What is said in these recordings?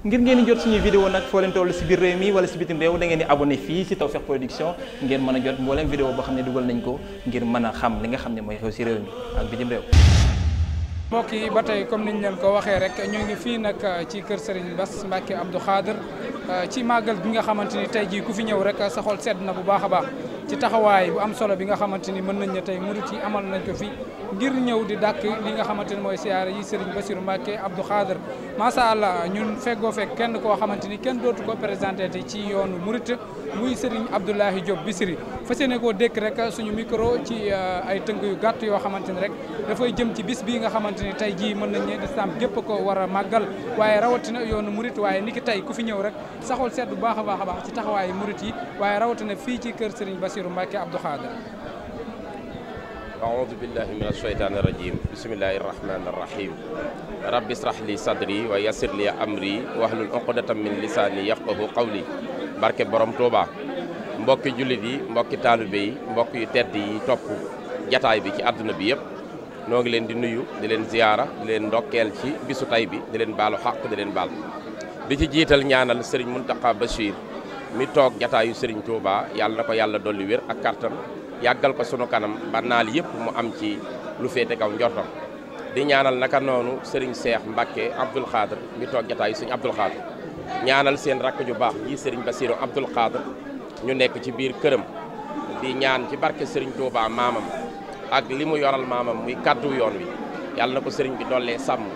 ngir ngeen di jot suñuy vidéo nag foo leen toll si biir réew mi wala si bitim réew da ngeen di abonné fii si Tawfekh Production ngeen mën a jot mbooleem vidéo boo xam ne dugal nañ ko ngir mën a xam li nga xam ne mooy xew si réew mi ak bitim réew mbokk yi ba tey comme niñ leen ko waxee rek ñoo ngi fii nag uh, ci kër Serigne Bass Mbacke Abdou Khader uh, ci màggal bi nga xamante ni tey jii ku fi ñëw rek uh, sa xol sedd na bu baax a baax ci taxawaay bu am solo bi nga xamante ni mën nañ ne tey murit yi amal nañ ko fi ngir ñëw di dàkk li nga xamante ne mooy siyaare yi Serigne Bassirou Mbacké Abdou Khader macha allah ñun fegoo fekk kenn koo xamante ni kenn dootu ko présenté te ci yoonu Mouride muy Serigne Abdoulahi Diop Bichri fas yéene koo dékk rek suñu micro ci euh, ay tënk yu gàtt yoo xamante ni rek dafay jëm ci bis bi nga xamante ni tey jii mën nañ ne lislaam gépp ko war a màggal waaye rawatina yoonu Mouride waaye niki tey ku fi ñëw rek saxool seet bu baax a baax a baax ci taxawaayu Mouride yi waaye rawatina fii ci kër Serigne Bassirou Mbacké Abdou Khader أعوذ a من الشيطان الرجيم بسم الله الرحمن الرحيم رب اشرح لي صدري ويسر لي أمري واحلل عقدة من لساني يفقه قولي barke borom Touba mbokki jullit yi mbokki taalibe yi mbokk yu tedd yi topp jataay bi ci àdduna bi yëpp noo ngi leen di nuyu di leen ziyaara di leen ndokkeel ci bisu tay bi di leen baalu xaq di leen baal di ci jiital ñaanal Serigne Mountakha Bachir mi toog jataayu Serigne Touba yàlla na ko yàlla dolli wér ak kàttan yàggal ko sunu kanam ba naal yëpp mu am ci lu féete kaw njortam di ñaanal na noonu Serigne Cheikh mbakke Abdoul Khadr mi toog jataayu Serigne Abdoul Khadr ñaanal seen rakk ju baax ji Serigne Bassirou Abdoul Khadr ñu nekk ci biir këram di ñaan ci barke Serigne Touba maamam ak li mu yoral maamam muy kaddu yoon wi yàlla na ko Serigne bi dollee sàmm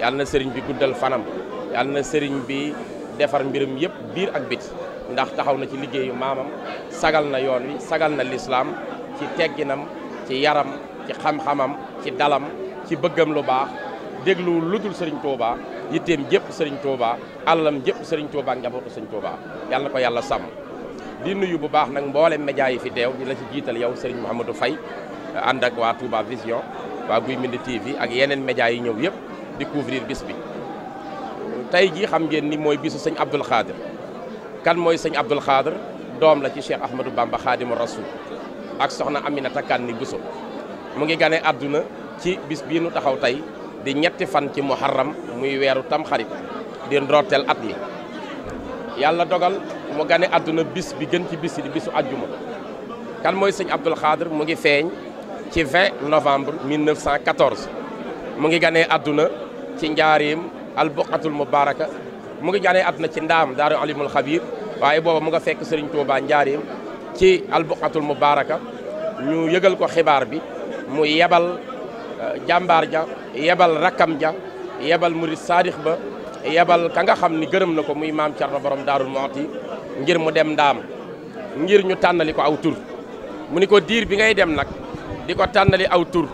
yàlla na Serigne bi guddal fanam yàlla na Serigne bi defar mbiram yëpp biir ak biti ndax taxaw na ci liggéeyu maamam sagal na yoon wi sagal na lislaam ci tegginam ci yaram ci xamxamam ci dalam ci bëggam lu baax déglu ludul sëriñ Touba yitteem jëpp sëriñ Touba alalam jëpp sëriñ Touba ak njabootu sëriñ Touba yàlla na ko yàlla sam di nuyu bu baax nag mboolem média yi fi teew di la ci jiital yow sëriñ Mouhamadou fay ànd ak waa Touba Vision waa Guy Mbind TV ak yeneen média yi ñëw yëpp di couvrir bis tey jii xam ngeen ni mooy bisu sëñ Abdoul Khadir kan mooy sëñ Abdul Xaadir doom la ci Cheikh Ahmadou Bamba Xaadimu Rasuul ak soxna Aminata ni Bousso mu ngi gane àdduna ci bis bii nu taxaw tey di ñetti fan ci muharram muy weeru tamxarit di ndorteel at mi yàlla dogal mu gane àdduna bis bi gën ci bis yi di bisu àjjuma kan mooy sëñ Abdul mu ngi feeñ ci 20 novembre 1914 mu ngi gane àdduna ci njaareem albuqatul mubaraka mu ngi ganee àdduna ci ndaam daaru alimul xabir waaye booba mu nga fekk Serigne Touba Njaareem ci albuqatul mubaraka ñu yëgal ko xibaar bi mu yebal euh, jàmbaar ja yebal rakkam ja yebal murid saadix ba yebal ka nga xam ni gërëm na ko muy maam Thierno borom Daarul Muxti ngir mu dem ndaam ngir ñu tànnali ko aw tur mu ni ko diir bi ngay dem nag di ko tànnali aw tur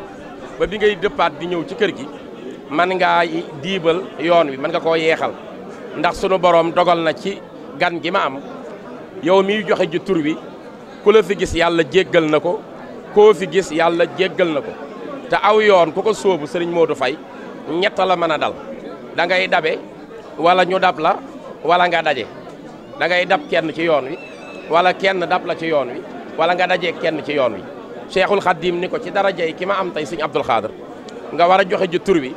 ba bi ngay dëppaat di ñëw ci kër gi man ngaa diibal yoon wi man nga koo yeexal ndax sunu borom dogal na ci gan gi ma am yow miy joxe ji tur wi ku la fi gis yàlla jéggal na ko koo fi gis yàlla jéggal na ko te aw yoon ku ko sóobu sëriñ Modou fay ñett la mën a dal da ngay dabe wala ñu dab la wala nga daje da ngay dab kenn ci yoon wi wala kenn dab la ci yoon wi wala nga daje kenn ci yoon wi Cheikhul Khadim ni ko ci dara yi ki ma am tey sëñ Abdul Xaadir nga war a joxe ji tur wi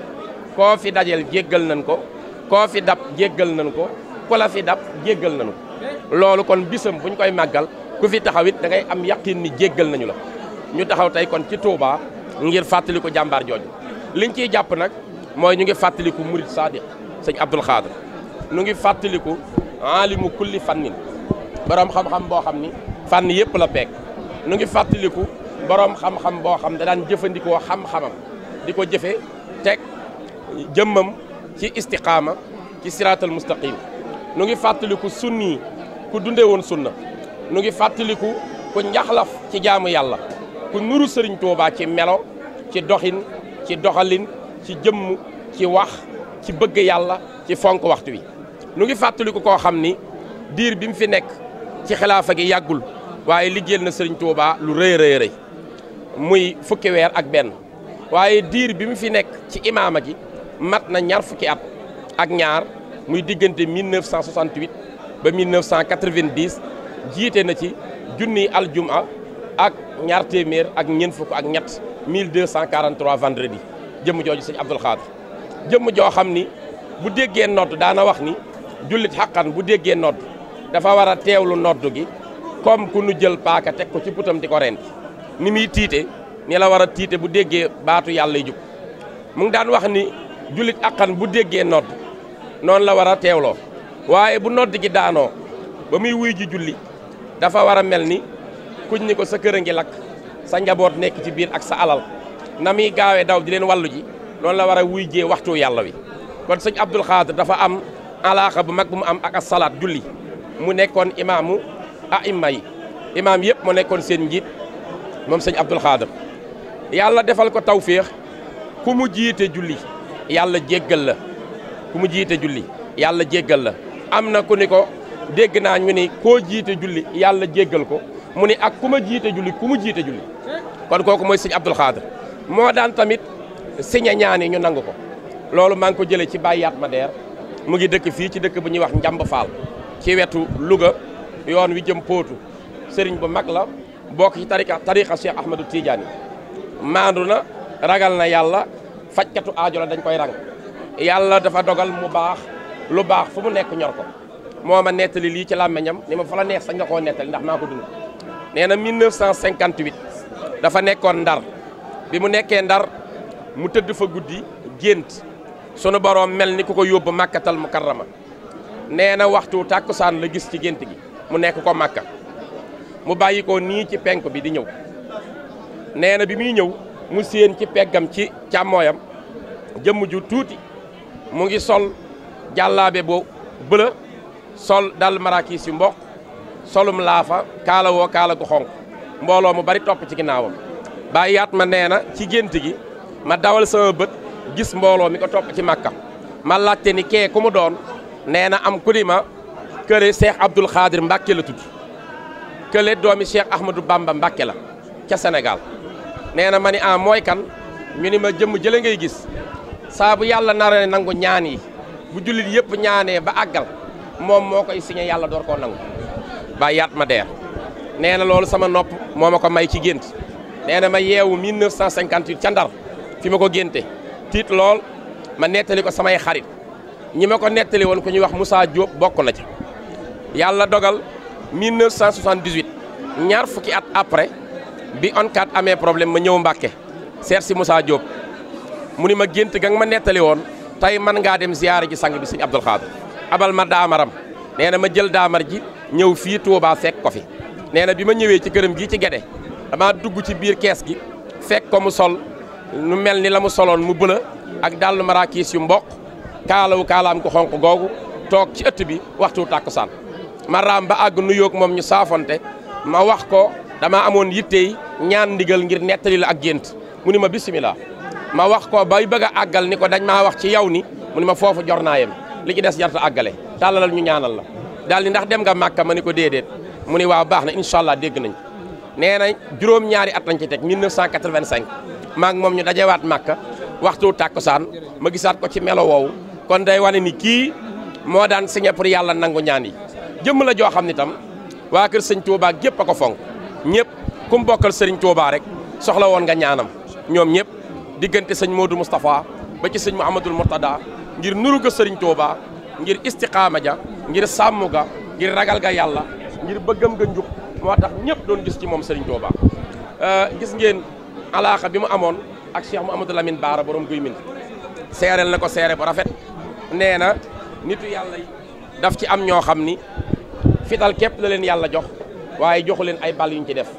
koo fi dajeel jéggal nañ ko koo fi dab jéggal nañ ko ku fi dab jéggal nañu loolu kon bisam buñ koy màggal ku fi taxaw it da am yaqin ni jéggal nañu la ñu taxaw tey kon ci Touba ngir fàttaliku jàmbaar jooju liñ ciy jàpp nag mooy ñu ngi fàttaliku murid sadiq sëñ Abdul Xaadir ñu ngi fàttaliku alimu kulli fannin borom xam-xam boo xam ni fànn yëpp la peeg ñu ngi fàttaliku borom xam-xam boo xam da daan jëfandikoo xam-xamam di ko jëfe teg jëmmam ci istiqaama ci siraatal mustaqim nu ngi fàttaliku sunni ku dunde woon sunna nu ngi fàttaliku ku njaxlaf ci jaamu yàlla ku nuru sëriñ Tuubaa ci melo ci doxin ci doxalin ci jëmm ci wax ci bëgg yàlla ci fonk waxtu wi nu ngi fàttaliku koo xam ni diir bi mu fi nekk ci xilaafa gi yàggul waaye liggéeyal na sëriñ Tuubaa lu rëy rëy rëy muy fukki ak benn waaye diir bi mu fi nekk ci imaama gi mat na ñaar fukki at ak ñaar muy diggante 1968 ba 1990 jiite na ci junni al aljuma ak ñaar téeméer ak ñeent fukk ak ñett 1243 vendredi jëmm jooju sëñ Abdul Xaadir jëmm joo xam ni bu déggee nodd daana wax ni jullit xaqan bu déggee nodd dafa war a teewlu nodd gi comme ku nu jël paaka teg ko ci putam di ko rendi ni muy tiite ni la war a tiite bu déggee baatu yàlla jub mu ngi daan wax ni jullit xaqan bu déggee nodd noonu la war a teewloo waaye bu nodd daanoo ba muy wuy ji julli dafa war a mel ni kuñ ni ko sa kër a ngi lakk sa njaboot nekk ci biir ak sa alal na muy gaawee daw di leen wàllu ji noonu la war a wuy jee waxtu yàlla wi kon sëñ Abdul Xaadir dafa am alaaxa bu mag bu mu am ak asalaat julli mu nekkoon imaamu aima yi imaam yëpp moo nekkoon seen njiit moom sëñ Abdul Xaadir yàlla defal ko tawféex ku mu jiite julli yàlla jéggal la ku mu jiite julli yàlla jéggal la am na ku ni ko dégg naa ñu ni koo jiite julli yàlla jéggal ko mu ni ak ku ma jiite julli ku mu jiite julli kon kooku mooy siñ Abdul Xaadir moo daan tamit siña ñaan yi ñu nangu ko loolu maa ngi ko jëlee ci bàyyaat ma deer mu ngi dëkk fii ci dëkk bu ñuy wax Njàmb Faal ci wetu Louga yoon wi jëm Pootu sëriñ bu mag la bokk ci tariqa tariqa Cheikh Ahmadou Tidiane maandu na ragal na yàlla fajkatu aajo la dañ koy rang yàlla dafa dogal mu baax lu baax fu mu nekk ñor ko moo ma nettali lii ci làmmeñam ni ma fa la neex sax nga koo nettali ndax maa ko dund nee na 1958 dafa nekkoon ndar bi mu nekkee ndar mu tëdd fa guddi gént sunu boroom mel ni ku ko yóbbu màkkatal mu karrama nee na waxtu tàkkusaan la gis ci gént gi mu nekk ko màkka mu bàyyi ko nii ci penk bi di ñëw nee na bi muy ñëw mu ci peggam ci càmmooyam jëmm ju tuuti mu ngi sol jàllaabe bu bëla sol dal marakis yu mboq solum laafa kaala woo kaala gu xonq mbooloo mu bari topp ci ginnaawam bàyyi yaat ma nee na ci gént gi ma dawal sama bët gis mbooloo mi ko topp ci màkka ma laajte ni kee ku mu doon nee na am ku di ma kële Cheikh Abdoul Khadir Mbacke la tudd kële doomi Cheikh Ahmadou Bamba Mbacke la ca senegal nee na ma ni ah mooy kan ñu ni ma jëmm jële ngay gis saa bu yàlla nar a nangu ñaan bu jullit yëpp ñaanee ba àggal moom moo koy signé yàlla door koo nangu bàyyi yaat ma deer nee na loolu sama nopp moo ma ko may ci gént nee na ma yeewu 1958 ca Ndar fi ma ko génte tiit lool ma nettali ko samay xarit ñi ma ko nettali woon ko ñuy wax Moussa jóob bokk na ca yàlla dogal 1978 ñaar fukki at après bi ONCAD amee problème ma ñëw Mbàkke seet si Moussa jóob mu ni ma gént ga nga ma nettali woon tey mën ngaa dem ziyaara ji sang bi sëñ Abdul Xaadir abal ma daamaram nee na ma jël daamar ji ñëw fii Touba fekk ko fi nee na bi ma ñëwee ci këram gii ci gede damaa dugg ci biir kees gi fekk ko mu sol nu mel ni la mu soloon mu bëla ak dàllu maraakiis yu mboq kaalawu kaalaam ko xonq googu toog ci ëtt bi waxtu tàkkusaan ma raam ba àgg nuyoog moom ñu saafonte ma wax ko dama amoon yitte ñaan ndigal ngir nettali la ak gént mu ni ma bisimilah. ma wax ko bay bëgg a àggal ni ko dañ maa wax ci yow ni mu ni ma foofu jor naa yem li ci des jarta àggale tàllalal ñu ñaanal la daal ni ndax dem nga màkka ma ni ko déedéet mu ni waaw baax na incha allah dégg nañ nee na juróom-ñaari at lañ ci teg 1985 maa ngi moom ñu dajewaat màkka waxtu tàkkusaan ma gisaat ko ci melo woowu kon day wane ni kii moo daan signé pour yàlla nangu ñaan yi jëmm la joo xam ni tam waa kër sëñ Touba gépp a ko fonk ñëpp ku bokkal sëriñ Touba rek soxla woon ñaanam ñoom ñëpp diggante sëñ Modou Moustapha ba ci sëñ Mouhamadul Mourtada ngir nuru ga sëriñ Touba ngir istiqaama ja ngir sàmm ga ngir ragal ga yàlla ngir bëggam ga moo tax ñëpp doon gis ci moom sëriñ Touba. Euh, gis ngeen alaaxa bi mu amoon ak mu Mouhamadou lamin Baara borom guy min seereel na ko seere bu rafet nee na nitu yàlla daf ci am ñoo xam ni fital képp la leen yàlla jox waaye joxu leen ay bal yu ñu ci def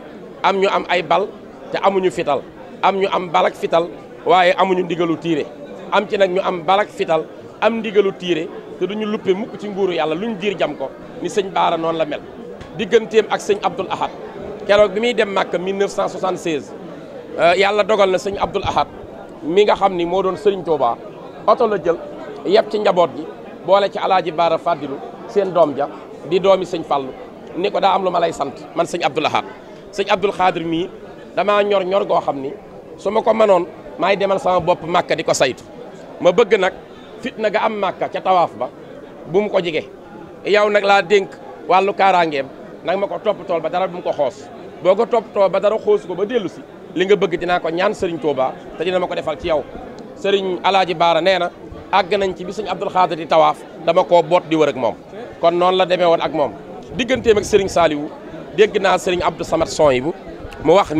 am ñu am ay bal te amuñu fital am ñu am bal fital waaye amuñu ndigalu tiire am ci nag ñu am balak fital am ndigalu tiire te ñu luppe mukk ci nguuru yàlla lu luñ diir jam ko ni sëñ Baara noonu la mel digganteem ak sëñ Abdoul Ahad keroog bi muy dem Màkka 1976 euh, yàlla dogal na sëñ Abdoul Ahad mi nga xam ni moo doon sëriñ Touba oto la jël yeb ci njaboot gi boole ci alaaji Baara Fadilu seen doom ja di doomi sëñ Fallu ni ko daa am lu ma lay sant man sëñ Abdoul Ahad sëñ Abdoul Xaadir mii dama ñor ñor goo xam ni maay demal sama bopp màkka di ko saytu ma bëgg nag fitna ga am màkka ca tawaaf ba bu mu ko jige yow nag laa dénk wàllu kaaraangeem nag ma ko toppatool ba dara bu ko xoos boo ko toppatoo ba dara xoos ko ba dellu si li nga bëgg dinaa ko ñaan Serigne Touba te dina ma ko defal ci yow Serigne Alaaji Baara nee na àgg nañ ci bi Serigne Abdoul Xaadir di tawaaf dama koo boot di wër ak moom kon noonu la demee woon ak moom digganteem ak Serigne Saliou dégg naa sëriñ Abdou Samad yi bu mu wax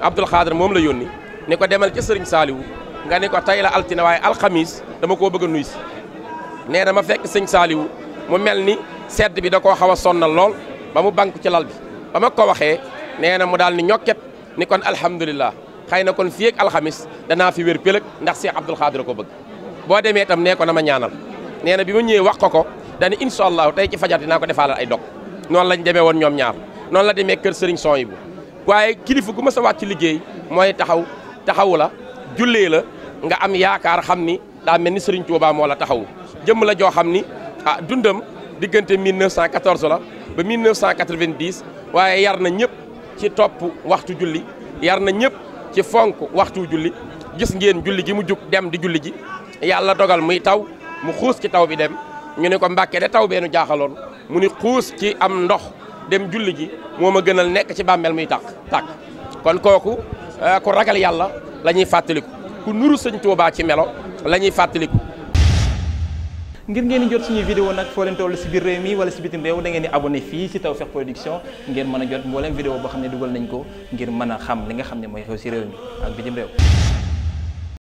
Abdoul Xaadir moom la yónni ni ko demal ca sëriñ saaliwu nga ni ko tey la altine waaye alxamis dama koo bëgg a si nee dama fekk sëñ saaliwu mu mel ni sedd bi da koo xaw a sonnal lool ba mu banku ci lal bi ba ma ko waxee nee na mu daal ni ñokket ni kon alhamdulilah xëy na kon fii ak alxamis danaa fi wér pëlëg ndax Cheikh Abdoul Xaadir ko bëgg boo demee itam nee ko na ma ñaanal nee na bi ma ñëwee wax ko ko dani incha allahu tey ci fajar dinaa ko defaalal ay dog noonu lañ demee woon ñoom ñaar noonu la demee kër sëriñ yi waaye kilifa gu ma sa ci liggéey mooy taxaw taxawu la jullee la nga am yaakaar xam ni daa mel ni Serigne Touba moo la taxaw jëmm la joo xam ni ah dundam diggante 1914 la ba 1990 waaye yar na ñëpp ci topp waxtu julli yar na ñëpp ci fonk waxtu julli gis ngeen julli gi mu jug dem di julli ji yàlla dogal muy taw mu xuus ci taw bi dem ñu ne ko Mbàkke de taw beenu jaaxaloon mu ni xuus ci am ndox dem julli ji moo ma gënal nekk ci bàmmeel muy tàkk tàkk kon kooku eh, ku ragal yàlla la ñuy fàttaliku ku nuru sëñ Tuubaa ci melo la ñuy fàttaliku. ngir ngeen di jot suñuy vidéo nag foo leen toll si biir réew mi wala si bitim réew da ngeen di abonné fii si taw Tawfekh Production ngeen mën a jot mbooleem vidéo boo xam ne dugal nañ ko ngir mën a xam li nga xam ne mooy xew si réew mi ak bitim réew.